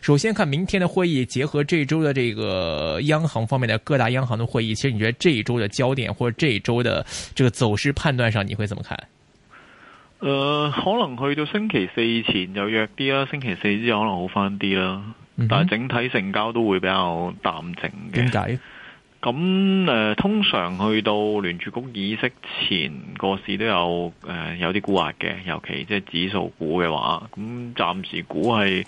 首先看明天的會議，結合這週的這個央行方面的各大央行的會議，其實你覺得這一週的焦點或者這一週的這個走勢判斷上，你會怎麼看？誒、呃，可能去到星期四前就弱啲啦，星期四之後可能好翻啲啦。嗯、哼但係整體成交都會比較淡靜嘅。點解？咁誒、呃，通常去到聯儲局議息前，個市都有誒、呃、有啲沽壓嘅，尤其即係指數股嘅話，咁暫時股係。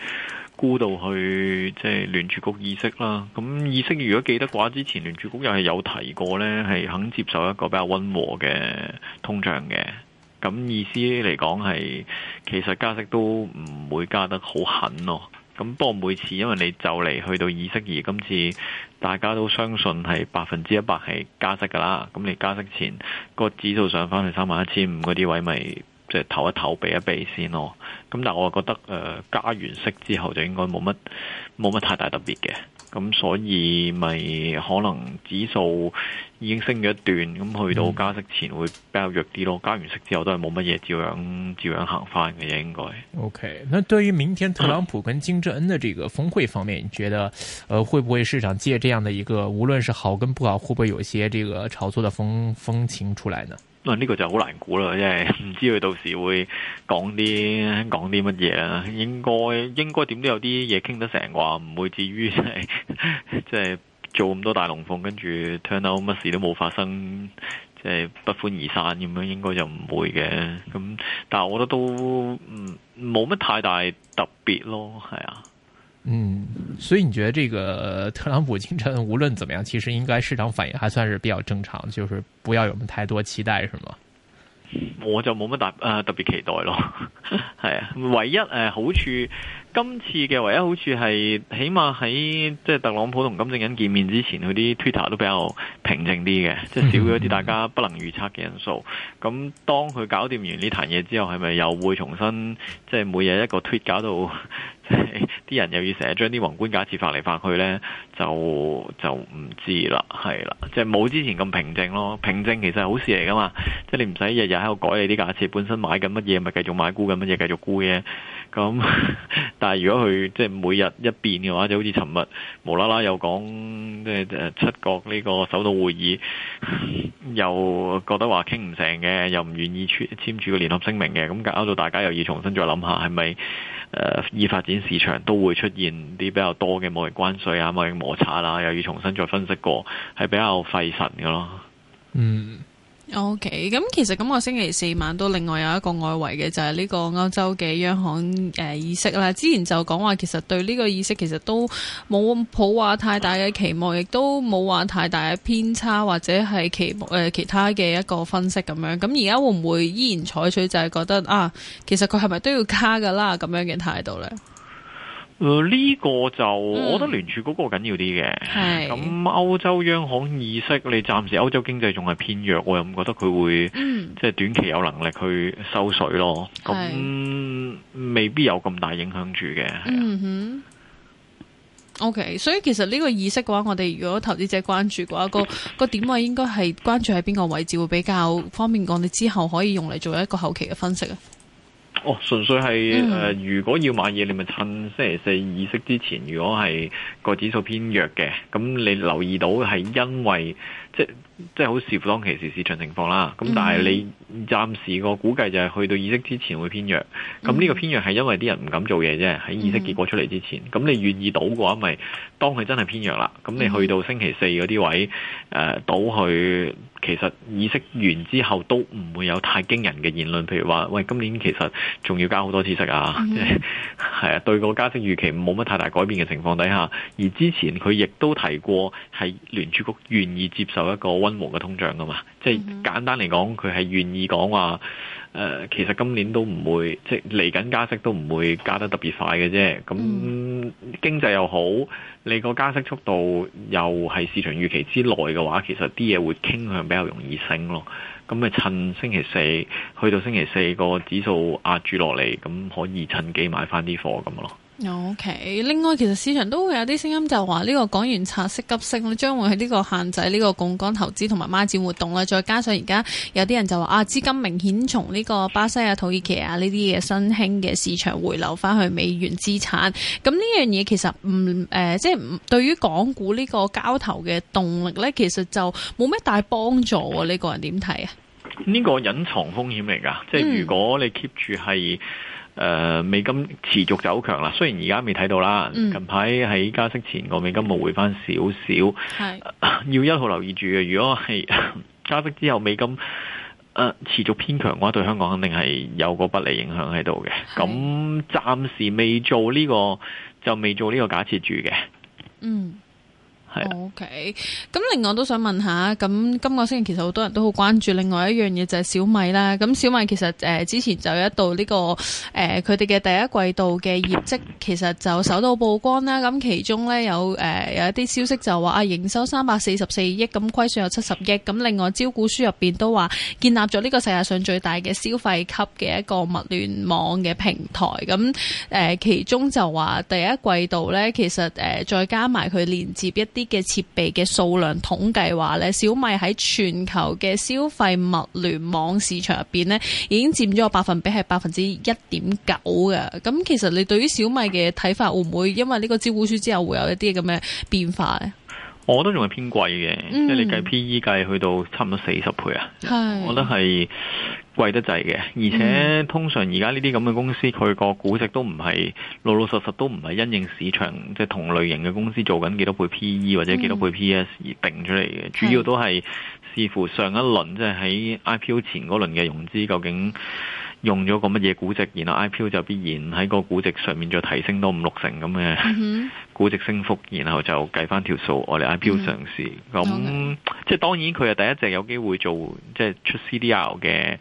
估到去即係聯儲局議息啦，咁議息如果記得嘅話，之前聯儲局又係有提過呢，係肯接受一個比較溫和嘅通脹嘅，咁意思嚟講係其實加息都唔會加得好狠咯、哦。咁不過每次因為你就嚟去到議息，而今次大家都相信係百分之一百係加息㗎啦，咁你加息前、嗰個指數上翻去三萬一千五嗰啲位咪、就？是即係投一投，避一避先咯。咁但係我覺得，誒、呃，加完息之後就應該冇乜，冇乜太大特別嘅。咁所以咪可能指數已經升咗一段，咁去到加息前會比較弱啲咯。嗯、加完息之後都係冇乜嘢，照樣照樣行翻嘅應該。OK，那對於明天特朗普跟金正恩嘅這個峰會方面， 你覺得，誒、呃，會不會市場借這樣嘅一個，無論是好跟不好，會唔會有些這個炒作的風風情出來呢？嗱呢個就好難估啦，因為唔知佢到時會講啲講啲乜嘢啦。應該應該點都有啲嘢傾得成話，唔會至於即係即係做咁多大龍鳳，跟住聽到乜事都冇發生，即係不歡而散咁樣，應該就唔會嘅。咁但係我覺得都唔冇乜太大特別咯，係啊。嗯，所以你覺得這個特朗普清晨無論怎麼樣，其實應該市場反應還算是比較正常，就是不要有太多期待，是嗎？我就冇乜、呃、特別期待咯，係 啊，唯一、呃、好處，今次嘅唯一好處係，起碼喺特朗普同金正恩見面之前，佢啲 Twitter 都比較平靜啲嘅，即 少咗啲大家不能預測嘅因素。咁、 嗯、當佢搞掂完呢壇嘢之後，係咪又會重新即係每日一個推搞到？ 啲 人又要成日將啲宏觀假設發嚟發去呢，就就唔知啦，係啦，即係冇之前咁平靜咯。平靜其實係好事嚟噶嘛，即係你唔使日日喺度改你啲假設，本身買緊乜嘢咪繼續買，沽緊乜嘢繼續沽嘅。咁， 但係如果佢即係每日一變嘅話，就好似尋日無啦啦又講，即係誒七國呢個首腦會議，又覺得話傾唔成嘅，又唔願意簽簽署個聯合聲明嘅，咁搞到大家又要重新再諗下，係咪誒已發展市場都會出現啲比較多嘅貿易關稅啊、貿易摩擦啦，又要重新再分析過，係比較費神㗎咯。嗯。O K，咁其實今個星期四晚都另外有一個外圍嘅就係、是、呢個歐洲嘅央行誒議息啦。之前就講話其實對呢個議息其實都冇普話太大嘅期望，亦都冇話太大嘅偏差或者係期誒其他嘅一個分析咁樣。咁而家會唔會依然採取就係覺得啊，其實佢係咪都要加噶啦咁樣嘅態度呢？呢、呃，這個就、嗯、我覺得聯儲嗰個緊要啲嘅。咁歐是洲央行議息，你暫時歐洲經濟仲係偏弱，我又唔覺得佢會，嗯、即係短期有能力去收水咯，咁是未必有咁大影響住嘅。嗯哼。O、okay, K，所以其實呢個議息嘅話，我哋如果投資者關注嘅話，個 個點位應該係關注喺邊個位置會比較方便？講你之後可以用嚟做一個後期嘅分析啊。哦，純粹係誒、mm hmm. 呃，如果要買嘢，你咪趁星期四議息之前，如果係個指數偏弱嘅，咁你留意到係因為即即係好視乎當其時市場情況啦。咁但係你暫時個估計就係去到議息之前會偏弱。咁呢、mm hmm. 個偏弱係因為啲人唔敢做嘢啫，喺議息結果出嚟之前。咁、mm hmm. 你願意賭嘅話，咪當佢真係偏弱啦。咁你去到星期四嗰啲位誒、呃、賭佢。其實議息完之後都唔會有太驚人嘅言論，譬如話：喂，今年其實仲要加好多知識啊！係啊、mm，hmm. 對個加息預期冇乜太大改變嘅情況底下，而之前佢亦都提過係聯儲局願意接受一個温和嘅通脹㗎嘛，即、就、係、是、簡單嚟講，佢係願意講話。誒，其實今年都唔會，即係嚟緊加息都唔會加得特別快嘅啫。咁經濟又好，你個加息速度又係市場預期之內嘅話，其實啲嘢會傾向比較容易升咯。咁咪趁星期四去到星期四個指數壓住落嚟，咁可以趁機買返啲貨咁咯。OK，另外其實市場都會有啲聲音就話呢個港元拆息急升咧，將會喺呢個限制呢、呢個槓桿投資同埋孖展活動咧，再加上而家有啲人就話啊，資金明顯從呢個巴西啊、土耳其啊呢啲嘅新興嘅市場回流返去美元資產，咁呢樣嘢其實唔誒，即係唔對於港股呢個交投嘅動力呢，其實就冇咩大幫助喎、啊。你、呢個人點睇啊？呢個隱藏風險嚟㗎，嗯、即係如果你 keep 住係。誒、uh, 美金持續走強啦，雖然而家未睇到啦，嗯、近排喺加息前個美金冇回翻少少，是 要一號留意住嘅。如果係加息之後美金誒、呃、持續偏強嘅話，對香港肯定係有個不利影響喺度嘅。咁暫是時未做呢、呢個就未做呢個假設住嘅。嗯。O K，咁另外都想問下，咁今個星期其實好多人都好關注另外一樣嘢就係、是、小米啦。咁小米其實誒、呃、之前就有一度呢、這個誒佢哋嘅第一季度嘅業績其實就首度曝光啦。咁其中咧有誒、呃、有一啲消息就話啊營收三百四十四億，咁虧損有七十億，咁另外招股書入邊都話建立咗呢個世界上最大嘅消費級嘅一個物聯網嘅平台。咁誒、呃、其中就話第一季度咧其實誒、呃、再加埋佢連接一啲。嘅設備嘅數量統計話咧，小米喺全球嘅消費物聯網市場入邊呢已經佔咗百分比係百分之一點九嘅。咁其實你對於小米嘅睇法，會唔會因為呢個招股書之後會有一啲咁嘅變化呢？我都仲係偏貴嘅，嗯、即係你計 P E 計去到差唔多四十倍啊！是我覺得係貴得滯嘅，而且通常而家呢啲咁嘅公司，佢個、嗯、估值都唔係老老實實，都唔係因應市場即係、就是、同類型嘅公司做緊幾多倍 P E 或者幾多倍 P S 而定出嚟嘅，是主要都係視乎上一輪即係、就、喺、是、I P O 前嗰輪嘅融資究竟，用咗個乜嘢估值，然後 IPO 就必然喺個估值上面再提升多五六成咁嘅、mm hmm. 估值升幅，然後就計翻條數，我哋 IPO 上市，咁、hmm. Okay. 即係當然佢係第一隻有機會做即係出 CDR 嘅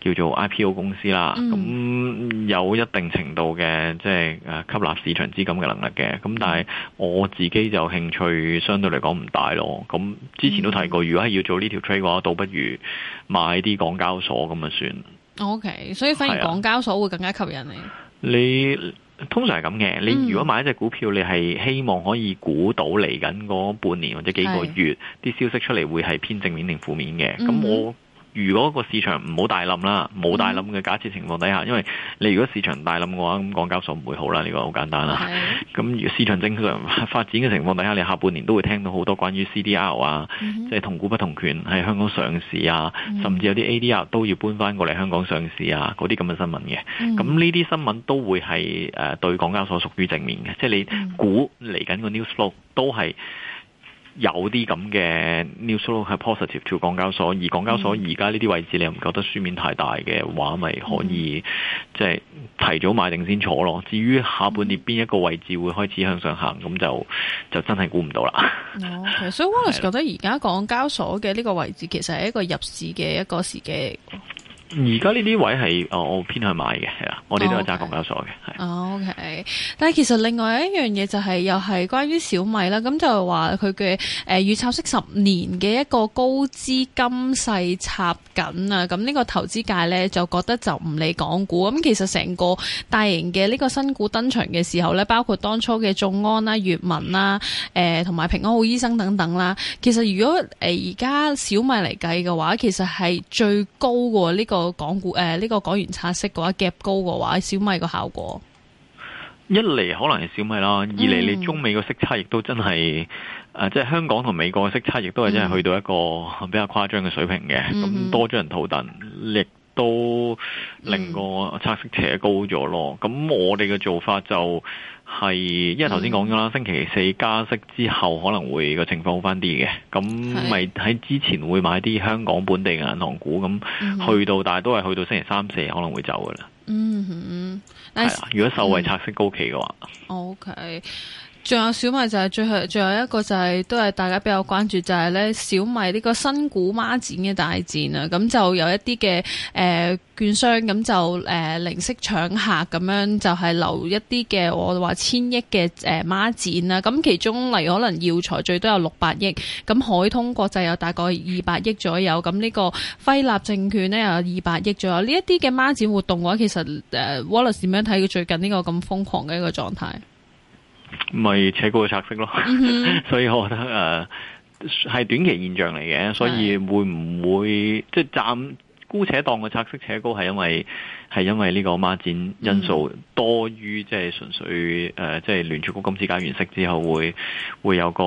叫做 IPO 公司啦。咁、mm hmm. 有一定程度嘅即係誒吸納市場資金嘅能力嘅，咁但係我自己就興趣相對嚟講唔大咯。咁之前都提過，如果係要做呢條 trade 嘅話，倒不如買啲港交所咁就算。O、okay, K，所以反而港交所會更加吸引你。你通常係咁嘅，你如果買一隻股票，嗯、你係希望可以估到嚟緊嗰半年或者幾個月啲的消息出嚟會係偏正面定負面嘅。咁、嗯、我。如果個市場唔好大冧啦，冇大冧嘅假設情況底下，因為你如果市場大冧嘅話，咁港交所唔會好啦，你個好簡單啦。咁如市場正常發展嘅情況底下，你下半年都會聽到好多關於 CDR 啊，即係、嗯、同股不同權喺香港上市啊，嗯、甚至有啲 ADR 都要搬翻過嚟香港上市啊，嗰啲咁嘅新聞嘅。咁呢啲新聞都會係誒對港交所屬於正面嘅，即、就、係、是、你估嚟緊個 news flow 都係。.有啲咁嘅 news l o 係 positive to 港交所，而港交所而家呢啲位置你又唔覺得輸面太大嘅話，咪、嗯、可以即係、就是、提早買定先坐咯。至於下半年邊一個位置會開始向上行，咁就就真係估唔到啦。所以 Wallace 覺得而家港交所嘅呢個位置其實係一個入市嘅一個時機。而家呢啲位係、哦，我偏向買嘅，係啦，我哋都有揸港交所嘅。係 OK 但係，其實另外一樣嘢就係、是、又係關於小米啦，咁就係話佢嘅誒預測式十年嘅一個高資金細插緊啊。咁呢個投資界咧就覺得就唔理港股。咁其實成個大型嘅呢個新股登場嘅時候咧，包括當初嘅眾安啦、閱文啦、誒同埋平安好醫生等等啦。其實如果誒而家小米嚟計嘅話，其實係最高嘅呢個。個港股誒，呢個港元拆息嘅話夾高嘅話，小米個效果一嚟可能係小米啦，二嚟你中美個息差亦都真係誒、呃，即係香港同美國嘅息差亦都係真係去到一個比較誇張嘅水平嘅，咁、嗯、多咗人土凳亦都令個拆息扯高咗咯，咁、嗯、我哋嘅做法就。係，因為頭先講咗啦，嗯、星期四加息之後可能會個情況好翻啲嘅，咁咪喺之前會買啲香港本地嘅銀行股，咁去到大、嗯、哼都係去到星期三四可能會走噶啦。嗯哼，係、nice，啦，如果受惠拆息高企嘅話，O K。嗯 okay. 仲有小米就係、是、最後，仲有一個就係、是、都係大家比較關注，就係、是、咧小米呢個新股孖展嘅大戰啊！咁就有一啲嘅誒券商咁就誒、呃、零息搶客咁樣，就係留一啲嘅我話千億嘅誒孖展啦。咁其中嚟可能耀才最多有六百億，咁海通國際有大概二百億左右，咁呢個輝立證券咧有二百億左右。呢一啲嘅孖展活動嘅話，其實誒、呃、Wallace 點樣睇佢最近呢、這個咁瘋狂嘅一個狀態？咪扯高個拆息咯， 所以我覺得誒係、uh, 短期現象嚟嘅， 所以會唔會即係暫姑且當個拆息扯高係因為係因為呢個孖展因素多於即係純粹誒即係聯儲局今次解完息之後會會有個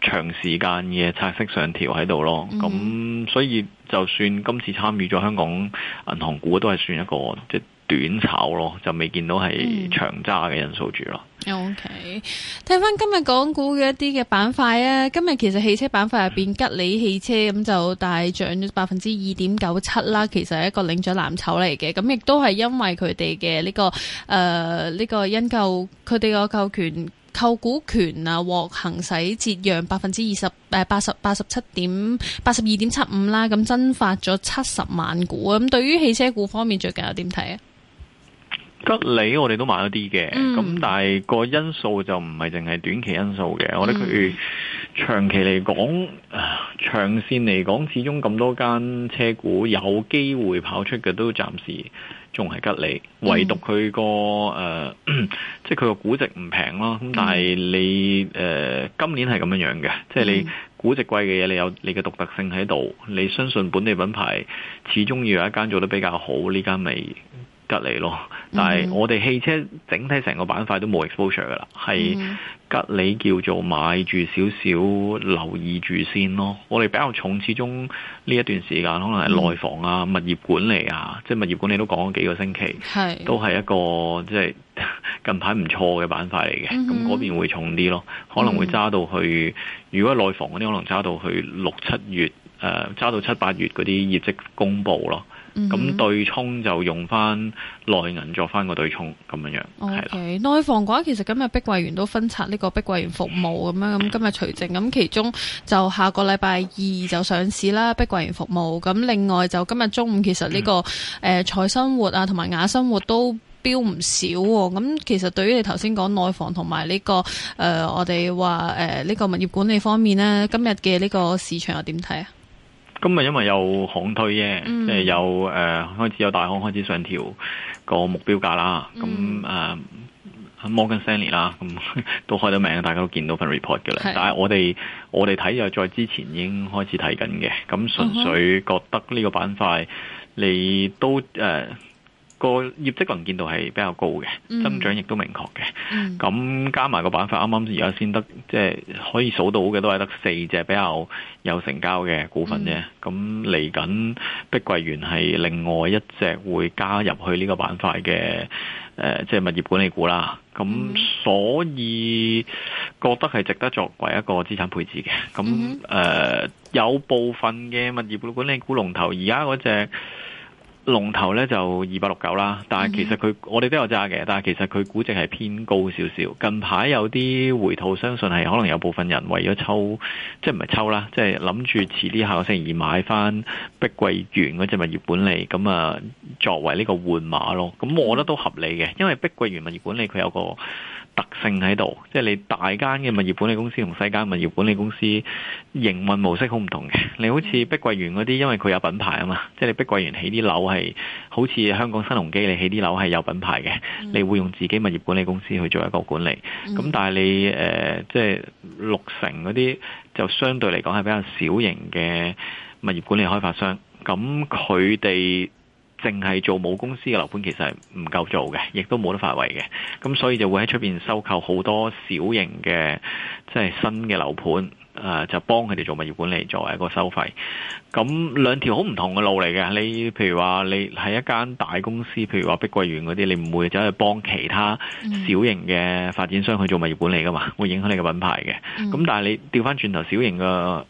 長時間嘅拆息上調喺度咯，咁 所以就算今次參與咗香港銀行股都係算一個即。短炒咯，就未見到係長揸嘅因素住咯。O K，睇翻今日港股嘅一啲嘅板塊啊。今日其實汽車板塊入邊，吉利汽車咁就大漲咗百分之二點九七啦。其實係一個領漲藍籌嚟嘅，咁亦都係因為佢哋嘅呢個誒呢、呃呢個因購佢哋個購權購股權啊，獲行使折讓百分之二十誒八十八十七點八十二點七五啦。咁增發咗七十萬股啊。咁對於汽車股方面，最近有點睇啊？吉利我哋都買咗啲嘅，咁、嗯、但係個因素就唔係淨係短期因素嘅。嗯、我覺得佢長期嚟講、呃、長線嚟講，始終咁多間車股有機會跑出嘅，都暫時仲係吉利。嗯、唯獨佢、個誒、呃，即係佢個估值唔平咯。咁但係你誒、呃，今年係咁樣樣嘅，即係你估值貴嘅嘢，你有你嘅獨特性喺度。你相信本地品牌始終要有一間做得比較好，呢間咪？吉利咯，但係、mm hmm. 我哋汽車整體成個板塊都冇 exposure 噶啦，係吉利叫做買住少少，留意住先咯。我哋比較重，始終呢一段時間可能係內房啊、物業管理啊，即係物業管理都講咗幾個星期，是都係一個即係近排唔錯嘅板塊嚟嘅，咁嗰、mm hmm. 邊會重啲咯，可能會揸到去，mm hmm. 如果內房嗰啲可能揸到去六七月，誒、呃、揸到七八月嗰啲業績公布咯。咁、嗯嗯、哼對沖就用翻內銀作翻個對沖咁樣樣，係啦 Okay. 的。內房嘅話，其實今日碧桂園都分拆呢個碧桂園服務咁樣，咁、嗯、今日除淨，咁，其中就下個禮拜二就上市啦。碧桂園服務咁，另外就今日中午其實呢、這個誒、嗯呃、彩生活啊同埋雅生活都飆唔少喎。咁其實對於你頭先講內房同埋呢個誒、呃、我哋話誒呢個物業管理方面呢，今日嘅呢個市場又點睇啊？今日因為有行推嘅，即係有誒開始有大行開始上調個目標價啦。咁誒 Morgan Stanley 啦，咁、uh, 都開咗名，大家都見到份 report 嘅啦。是但係我哋我哋睇又再之前已經開始睇緊嘅。咁純粹覺得呢個板塊、嗯、哼你都誒。Uh, 個業績能見度係比較高嘅，增長亦都明確嘅。咁、mm hmm. 加埋個板塊，啱啱而家先得，即係可以數到嘅都係得四隻比較有成交嘅股份啫。咁嚟緊碧桂園係另外一隻會加入去呢個板塊嘅，誒、呃，即係物業管理股啦。咁所以覺得係值得作為一個資產配置嘅。咁誒、mm hmm. 呃，有部分嘅物業管理股龍頭，而家嗰隻。龍頭咧就二百六九啦，但係其實佢、mm hmm. 我哋都有揸嘅，但係其實佢估值係偏高少少。近排有啲回吐，相信係可能有部分人為咗抽，即係唔係抽啦，即係諗住遲啲下個星期二買翻碧桂園嗰隻物業管理，咁啊作為呢個換馬咯。咁我覺得都合理嘅，因為碧桂園物業管理佢有個。特性喺度，即係你大間嘅物業管理公司同細間物業管理公司營運模式好唔同嘅。你好似碧桂園嗰啲，因為佢有品牌啊嘛，即係你碧桂園起啲樓係好似香港新鴻基你起啲樓係有品牌嘅，你會用自己物業管理公司去做一個管理。咁、嗯、但係你誒，即係六成嗰啲就相對嚟講係比較小型嘅物業管理開發商，咁佢哋。淨係做母公司嘅樓盤，其實係唔夠做嘅，亦都冇得發圍嘅。咁所以就會喺出邊收購好多小型嘅，即係新嘅樓盤。誒，就幫佢哋做物業管理作為一個收費，咁兩條好唔同嘅路嚟嘅。你譬如話你喺一間大公司，譬如話碧桂園嗰啲，你唔會走去幫其他小型嘅發展商去做物業管理噶嘛，會影響你嘅品牌嘅。咁但係你調翻轉頭，小型嘅誒、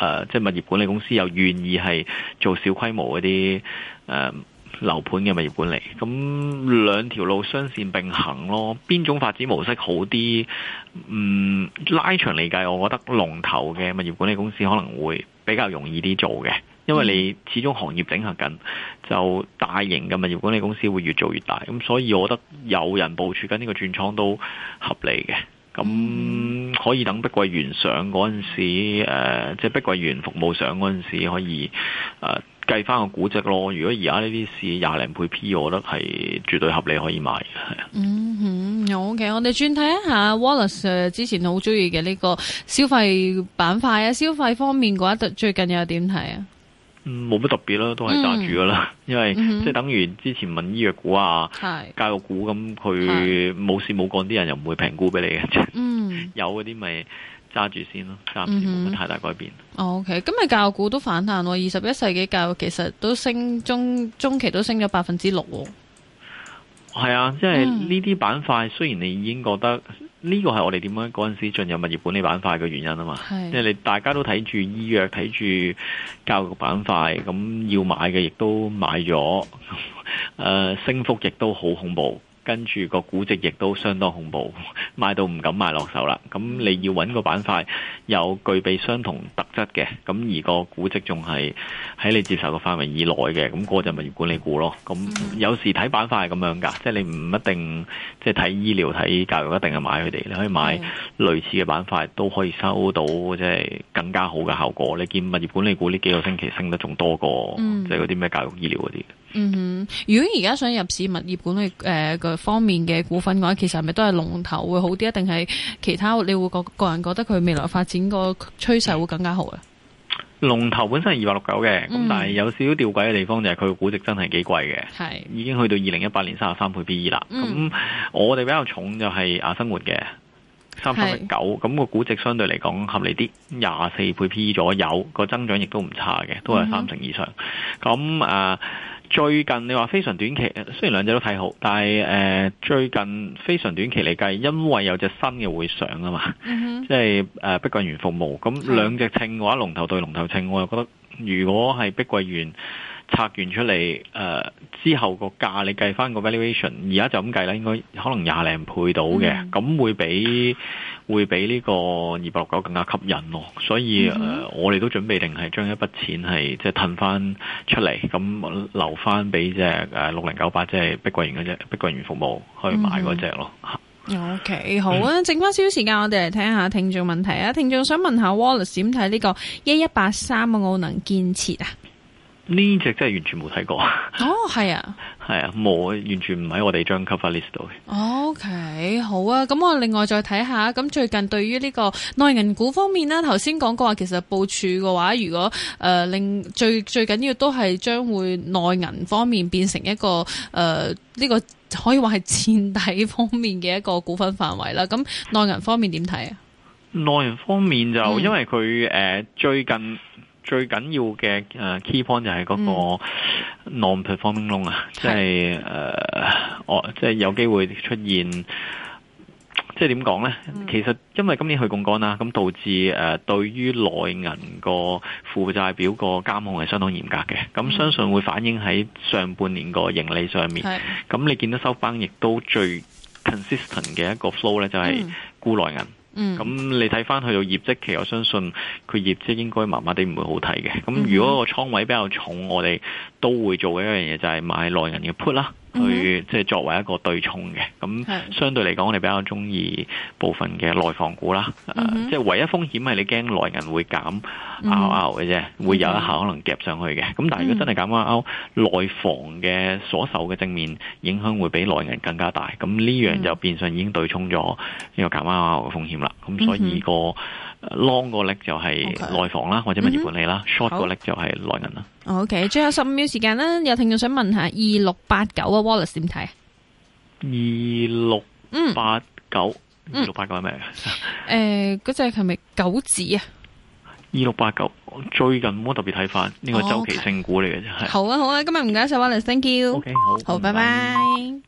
呃，即係物業管理公司又願意係做小規模嗰啲誒。呃樓盤嘅物業管理，咁兩條路雙線並行咯。邊種發展模式好啲？嗯，拉長嚟計，我覺得龍頭嘅物業管理公司可能會比較容易啲做嘅，因為你始終行業整合緊，就大型嘅物業管理公司會越做越大。咁所以，我覺得有人部署緊呢個轉倉都合理嘅。咁可以等碧桂園上嗰陣時，誒、呃，即、就、係、是、碧桂園服務上嗰陣時，可以誒。呃計翻個估值咯，如果而家呢啲市廿零倍 P，我覺得係絕對合理，可以買嘅。嗯哼、mm hmm.，OK，我哋轉睇一下 Wallace 之前好中意嘅呢個消費板塊啊，消費方面嘅話，最近又點睇啊？冇乜、嗯、特別啦，都係揸住噶啦，mm hmm. 因為、mm hmm. 即係等於之前問醫藥股啊、的教育股咁，佢冇事冇講啲人又唔會評估俾你嘅。嗯的，有嗰啲咪。Hmm. 揸住先咯，暫時冇乜太大改變。Mm hmm. o、okay. k 今日教育股都反彈喎，二十一世紀教育其實都升中中期都升咗百分之六喎。係啊，即係呢啲板塊，mm hmm. 雖然你已經覺得呢個係我哋點解嗰陣時進入物業管理板塊嘅原因啊嘛。係，即係你大家都睇住醫藥，睇住教育板塊，咁要買嘅亦都買咗，誒、 呃、升幅亦都好恐怖。跟住個估值亦都相當恐怖，賣到唔敢賣落手啦。咁你要揾個板塊有具備相同特質嘅，咁而個估值仲係喺你接受嘅範圍以內嘅，咁嗰就係物業管理股咯。咁有時睇板塊係咁樣㗎，即係你唔一定即係睇醫療、睇教育一定係買佢哋，你可以買類似嘅板塊都可以收到即係更加好嘅效果。你見物業管理股呢幾個星期升得仲多過即係嗰啲咩教育、醫療嗰啲、嗯嗯。如果而家想入市物業管理誒、呃方面嘅股份嘅話，其實係咪都係龍頭會好啲，定係其他？你會個個人覺得佢未來發展個趨勢會更加好咧？龍頭本身係二百六九嘅，咁、嗯、但係有少少吊詭嘅地方就係佢個估值真係幾貴嘅，係是已經去到二零一八年三十三倍 P E 啦。咁、嗯、我哋比較重就係亞生活嘅三三一九，咁是個估值相對嚟講合理啲，廿四倍 P E 左右，個增長亦都唔差嘅，都係三成以上。咁啊、嗯哼。最近你話非常短期，雖然兩隻都睇好，但係誒、呃、最近非常短期嚟計，因為有隻新嘅會上啊嘛，mm hmm. 即係誒、呃、碧桂園服務。咁兩隻稱嘅話，龍頭對龍頭稱，我又覺得如果係碧桂園拆完出嚟誒、呃、之後個價，你計翻個 valuation，而家就咁計啦，應該可能廿零倍到嘅，咁、mm hmm. 會比。會比呢個二百六九更加吸引咯，所以誒、嗯哼呃，我哋都準備定係將一筆錢係即係褪翻出嚟，咁留翻俾隻誒六零九八，即係碧桂園嗰隻碧桂園服務去買嗰隻咯。OK，嗯嗯、好啊，剩翻少少時間，我哋嚟聽下聽眾問題啊！聽眾想問下 Wallace 點睇呢個一一八三嘅澳能建設啊？呢隻真係完全冇睇過。哦，係啊，係啊，冇，完全唔喺我哋張 cover list 度。OK，好啊，咁我另外再睇下。咁最近對於呢個內銀股方面啦，頭先講過話，其實部署嘅話，如果誒令、呃、最最緊要都係將會內銀方面變成一個誒呢、呃這個可以話係墊底方面嘅一個股份範圍啦。咁內銀方面點睇啊？內銀方面就因為佢誒、嗯呃、最近。最緊要嘅誒 key point 就係嗰個 non-performing loan 啊、嗯，即係我，即係是、呃哦就是、有機會出現，即係點講咧？嗯、其實因為今年去槓桿啦，咁導致誒、呃、對於內銀個負債表個監控係相當嚴格嘅，咁、嗯、相信會反映喺上半年個盈利上面。咁是你見到收班亦都最 consistent 嘅一個 flow 咧，就係固內銀。嗯嗯，咁你睇翻佢嘅業績期，我相信佢業績應該麻麻地唔會好睇嘅。咁如果個倉位比較重，我哋都會做嘅一樣嘢就係買內銀嘅 put 啦。去、嗯、即係作為一個對沖嘅，咁相對嚟講，我哋比較中意部分嘅內房股啦、嗯哼啊，即係唯一風險係你驚內銀會減拗拗嘅啫，嗯、哼會有一下可能夾上去嘅。咁但係如果真係減拗拗、嗯哼，內房嘅所受嘅正面影響會比內銀更加大。咁呢樣就變相已經對沖咗呢個減拗拗嘅風險啦。咁所以個 long 個力就係內房啦，嗯、哼或者物業管理啦、嗯、哼；short 個力就係內銀啦。OK，最後十五秒時間啦，有聽眾想問下二六八九啊，Wallace 點睇？二六八九二六八九係咩？誒，嗰隻係咪九字啊？二六八九，最近冇特別睇法，呢個周期性股嚟嘅啫。Oh, okay. 係，好啊好啊，今日唔該晒 Wallace，Thank you。OK，好，好，拜拜。拜拜。